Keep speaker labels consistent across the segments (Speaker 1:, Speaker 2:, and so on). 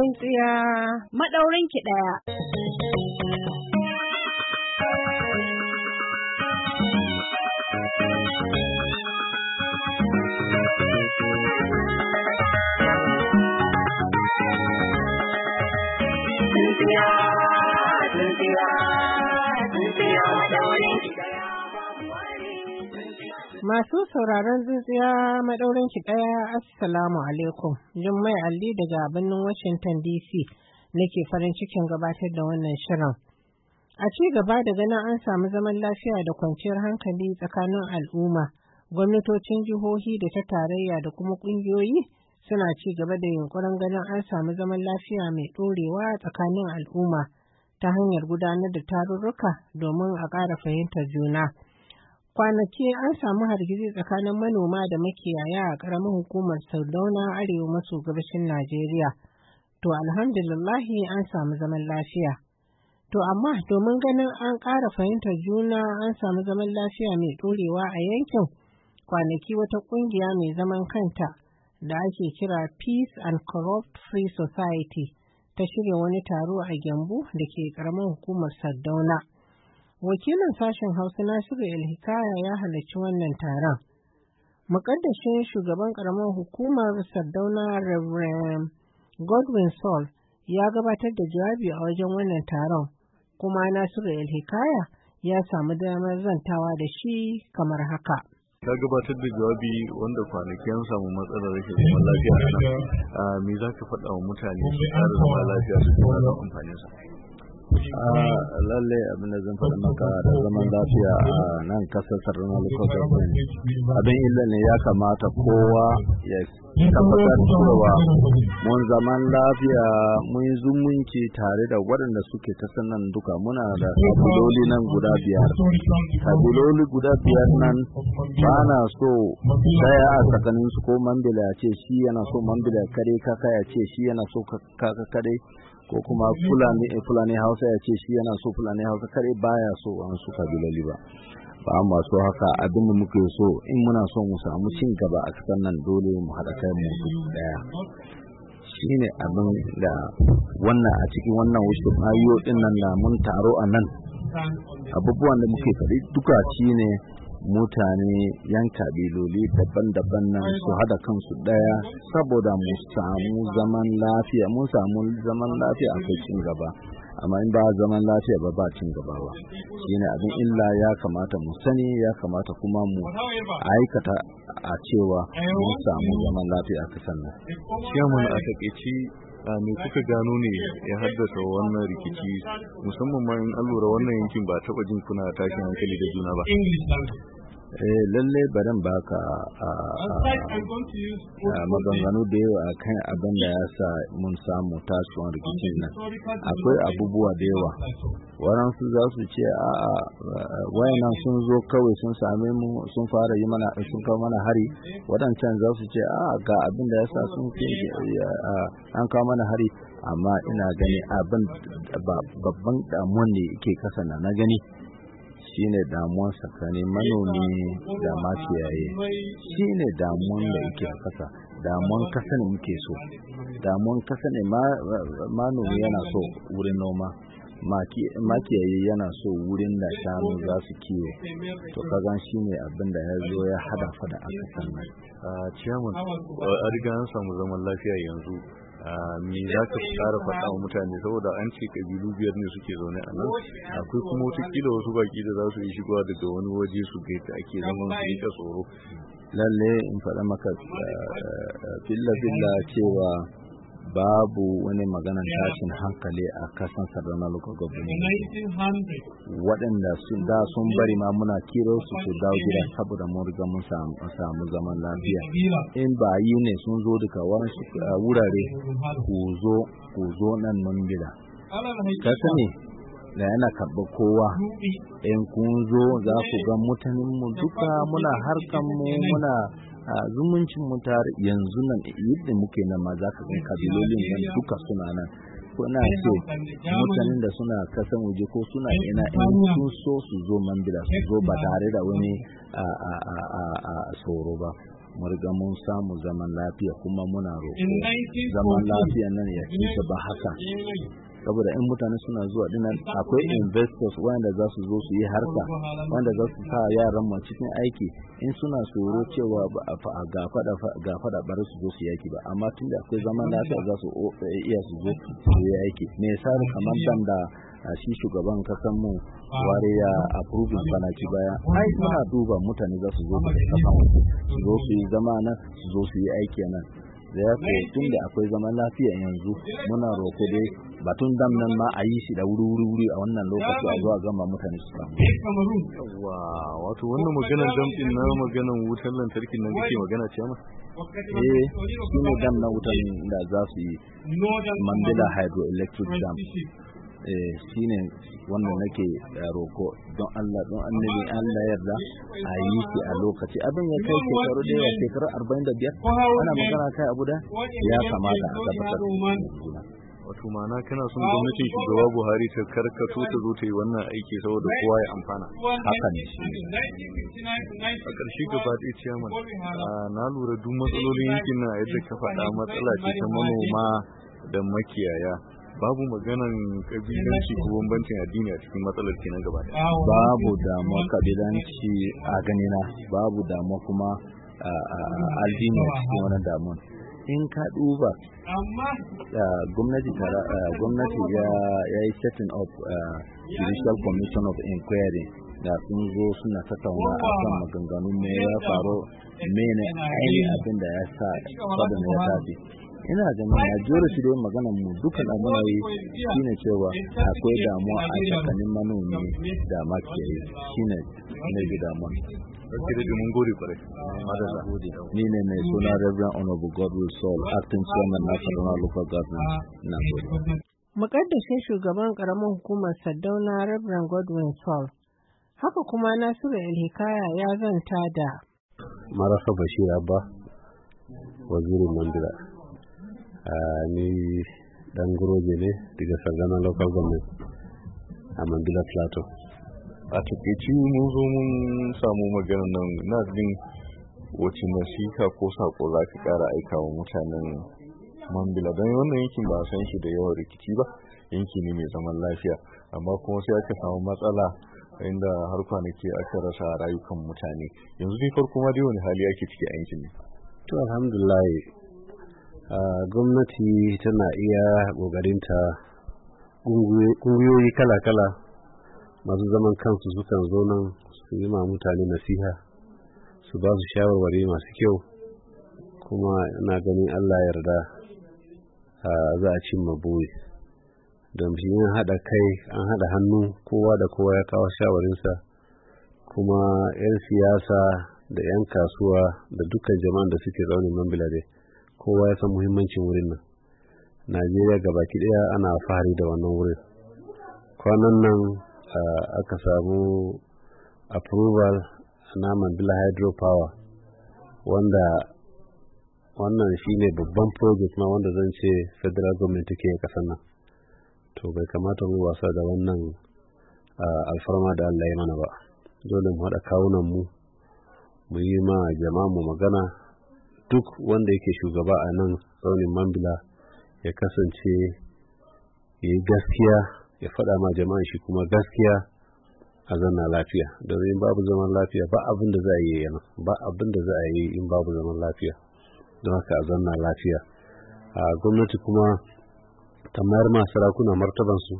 Speaker 1: Auren tsiya ki ɗaya.
Speaker 2: Tsintsiya, tsintsiya, tsintsiya ki Masu
Speaker 1: sauraron zuciya maɗaurin ki ɗaya Assalamu alaikum. Jummai Ali daga birnin Washington DC nake farin cikin gabatar da wannan shirin. A ci gaba da ganin an samu zaman lafiya da kwanciyar hankali tsakanin al'umma, gwamnatocin jihohi da ta tarayya da kuma ƙungiyoyi suna ci gaba da yunkurin ganin an samu zaman lafiya mai ɗorewa tsakanin al'umma ta hanyar gudanar da tarurruka domin a ƙara fahimtar juna. Kwanaki an samu hargitsi tsakanin manoma da makiyaya a ƙaramin hukumar Sardauna Arewa maso gabashin Najeriya. To alhamdulillahi an samu zaman lafiya. To amma domin ganin an ƙara fahimtar juna an samu zaman lafiya mai ɗorewa a yankin kwanaki wata ƙungiya mai zaman kanta da ake kira Peace and Corrupt Free Society ta shirya wani taro a Gyambu da ke ƙaramin hukumar Sardauna. wakilin sashen hausa nasiru el-hikaya ya halarci wannan taron mukaddashin shugaban karamar hukumar sardauna reverend godwin sol ya gabatar da jawabi a wajen wannan taron kuma nasiru el-hikaya ya samu damar zantawa da shi kamar haka
Speaker 3: ka gabatar da jawabi wanda kwanakin samu matsalar rashin zaman lafiya a ah, me za ka faɗa wa mutane su kare zama lafiya su kuma amfanin sa Ah, lalle abin da zan faɗi maka da zaman lafiya a nan kasar sarrana lokacin abin illa ne ya kamata kowa
Speaker 2: ya tabbatar
Speaker 3: cewa mun zaman lafiya mun yi zumunci tare da waɗanda suke ta sanan duka muna da kabiloli nan guda biyar kabiloli guda biyar nan ba na so daya a tsakaninsu, ko mambila ya ce shi yana so mambila kare kaka ya ce shi yana so kaka kare ko kuma eh, fulani hausa ya ce shi yana so fulani hausa kare baya so wani su kabilali ba ba so haka abin da muke so in muna so mu samu cin gaba a cikin nan dole mu haɗa kai mu daya shine abin da wannan a cikin wannan wasu ayyukan nan da mun taro a nan abubuwan da muke faɗi duka shine mutane yan kabiloli daban-daban nan su hada kansu daya saboda mu samu zaman lafiya mun samu zaman lafiya akwai cin gaba amma in ba zaman lafiya ba ba cin gaba ba
Speaker 2: shine abin
Speaker 3: illa ya kamata mu sani ya kamata kuma mu aikata a cewa mun samu zaman lafiya a kasan nan. a takaici a me kuka gano ne ya haddasa wannan rikici musamman ma in an lura wannan yankin ba taɓa jin kuna tashin hankali da juna ba eh lalle barin baka maganganu da yawa kan abin da ya sa mun samu tasowar rikicin nan akwai abubuwa da yawa waransu za su ce a wayanan sun zo kawai sun same mu sun fara yi mana sun kawo mana hari eh. waɗancan za su ce a ga abin da ya sa sun fi an kawo mana hari amma ina gani abin babban damuwan ne ke kasa na gani shine damuwan tsakanin manomi da makiyaye shine damuwan da yake a kasa damuwan kasa ne muke so damuwan kasa ne manomi yana so wurin noma makiyayi yana so wurin da shanu za su kiwo to kazan shi ne abin da ya zo ya hada fada a kasan nan a ciyaman a riga an zaman lafiya yanzu Ah, me za ka tsara faɗa wa mutane saboda an ce kabilu biyar ne suke zaune a nan
Speaker 2: akwai kuma kila
Speaker 3: wasu baki da za su yi shigowa daga wani waje su ga ta ake zaman su yi tsoro lalle in faɗa maka filla ah, ah, filla cewa babu wani maganar tashin hankali a kasan sardana local government waɗanda da sun bari ma muna kiro su su dawo gida saboda mun riga mun samu zaman lafiya in ba yi ne sun zo duka wani wurare ku zo nan mun gida kasa sani da yana karɓar kowa in kun zo za ku ga mutanenmu duka muna mu muna a zumuncin mu yanzu nan yadda muke nan ma ka ga kabilolin nan duka suna nan na so mutanen da suna kasan waje ko suna ina in sun so su zo mambila su zo ba tare da wani a tsoro ba mu riga mun samu zaman lafiya kuma muna roƙo zaman lafiya nan ya ci ba haka saboda in mutane suna zuwa dinan akwai investors wanda za su zo su yi harka wanda za su sa yaran ma cikin aiki in suna tsoro cewa ga fada bari su zo su yaki ba amma tunda akwai zaman lafiya za su iya su zo su yi aiki me yasa kamar dan da shi shugaban kasan mu ware ya approving ci baya ai suna duba mutane za su zo su zo su yi zama nan su zo su yi aiki nan da ya ce tun da akwai zaman lafiya yanzu muna roƙo dai batun dam nan ma a yi shi da wuri wuri wuri a wannan lokaci a zuwa gama mutane su eh, wa wato wannan maganar dam na maganar wutar lantarki nan kake magana ce ma?
Speaker 2: eh shi ne dam na
Speaker 3: wutar da za su yi
Speaker 2: Mandela
Speaker 3: Hydroelectric Dam Eh, shine wannan nake eh, roko don Allah don annabi Allah yarda
Speaker 2: a yi shi a
Speaker 3: lokaci abin ya kai shekaru da yawa shekaru 45 ana magana kai abu da
Speaker 2: ya kamata a tabbatar
Speaker 3: wato ma'ana kana son gwamnatin shugaba buhari ta karkato ta zo ta yi wannan aiki saboda kowa ya amfana haka ne
Speaker 2: a ƙarshe ga ɗaya
Speaker 3: ciyaman na lura duk matsalolin yankin na yadda ka faɗa matsala ce ta manoma da makiyaya babu maganan kabilanci ko bambancin addini a cikin matsalar kenan gaba da
Speaker 2: babu damuwa
Speaker 3: kabilanci a ganina babu damuwa kuma addini a cikin wannan damuwa in ka duba gwamnati ya yi setting up judicial commission of inquiry da sun zo suna tattauna a kan maganganun me ya faru mene ainihin abin da ya sa fadin ya tafi ina ganin shi dai maganar mu dukkan shi
Speaker 2: shine cewa akwai damuwa a tsakanin
Speaker 3: manomi da makiyayi shine na ji damuwa da mun Madalla. Ni ne mai suna Reverend Honorable Godwill Saul, Acting Chairman
Speaker 2: na Kaduna Local Government. Na gode.
Speaker 1: Mukaddashin shugaban karamin hukumar Saddauna Reverend Godwin Saul. Haka kuma Nasiru Elhikaya ya zanta da.
Speaker 4: Marasa Bashir Abba, wazirin Mandira. Ah, ni dan guroje ne daga sargana local government a mandila plateau a takaici mun zo mun samu magana nan
Speaker 3: na jin wace nasika ko sako za ka kara aika mutanen mambila don wannan yankin ba san shi da yawan rikici ba yanki ne mai zaman lafiya amma kuma sai aka samu matsala inda har kwanaki aka rasa rayukan mutane
Speaker 4: yanzu dai farko ma dai wani hali ake ciki a yankin ne to alhamdulillah gwamnati tana iya ƙoƙarinta ƙungiyoyi kala-kala masu zaman kansu sukan zo nan su yi ma mutane nasiha su ba su shawarwari masu kyau kuma na ganin allah yarda za a cimma buri don shi yin haɗa kai an haɗa hannu kowa da kowa ya kawo shawarinsa kuma 'yan siyasa da 'yan kasuwa da dukkan jama'an da suke zaune man bilade kowa ya san muhimmancin wurin nan najeriya baki daya ana fahari da wannan wurin kwanan nan aka samu approval na mandela hydropower wanda wannan shine babban project na wanda zan ce federal government take kasan nan to bai kamata mu wasa da wannan alfarma da allah ya mana ba dole mu haɗa kawunan mu mu yi ma jama'a mu magana duk wanda yake shugaba a nan tsaunin mambila ya kasance ya yi gaskiya ya faɗa ma jama'a shi kuma gaskiya a zanna lafiya domin babu zaman lafiya ba abin da za a yi yana ba abin da za a yi in babu zaman lafiya don haka a zanna lafiya a gwamnati kuma ta mayar ma sarakuna martabansu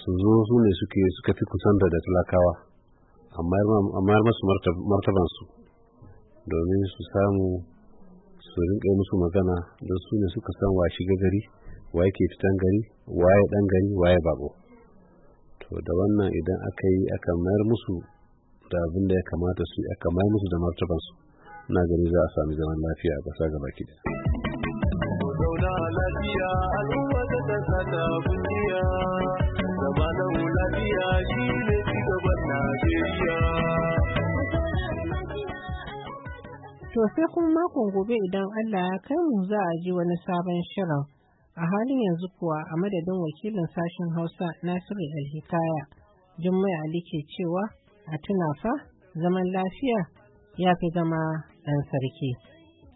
Speaker 4: su zo su ne suke suka fi kusanta da talakawa a mayar masu martabansu domin su samu su rinƙe musu magana don su ne suka san wa shiga gari waye ke fitan gari waye ɗan gari waye babo to da wannan idan aka yi aka mayar musu da abin da ya kamata su aka mayar musu da martabansu na gani za a sami zaman lafiya a ƙasa gaba ki da.
Speaker 1: sai kuma makon gobe idan Allah ya kai mu za a ji wani sabon shirin. A halin yanzu kuwa a madadin wakilin sashen Hausa Nasiru Alhikaya, Jummai Ali ke cewa a tuna fa zaman lafiya ya fi zama ɗan sarki.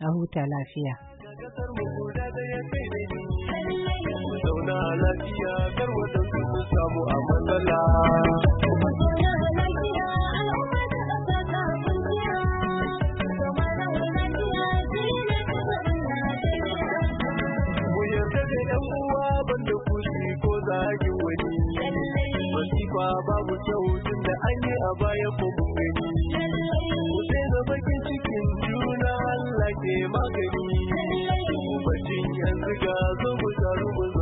Speaker 1: A huta lafiya.
Speaker 2: Zauna lafiya su samu a matsala. babu kyau da an yi a baya ko mun gani ku sai da bakin cikin juna Allah ke magani bacin yanzu ga zo mu taru mu